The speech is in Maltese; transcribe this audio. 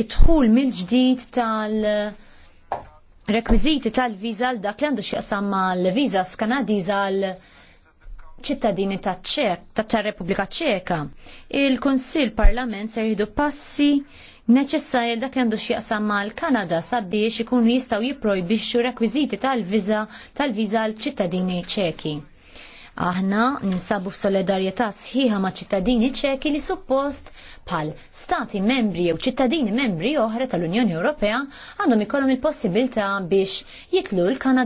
idħul mill-ġdid tal- rekwiziti tal-viza l dak li għandu xieqsam mal-viza skanadiza l ċittadini taċċek, taċċa Repubblika ċeka. Il-Konsil Parlament ser jidu passi neċessarji dak li għandu xieqsam mal-Kanada sabiex ikunu jistaw jiprojbixxu rekwiziti tal-viza tal-viza l ċittadini ċeki. Aħna ninsabu f'solidarjetà sħiħa ma' ċittadini ċeki li suppost bħal stati membri jew ċittadini membri oħra tal-Unjoni Ewropea għandhom ikollhom il-possibilità biex jitlu l-Kanada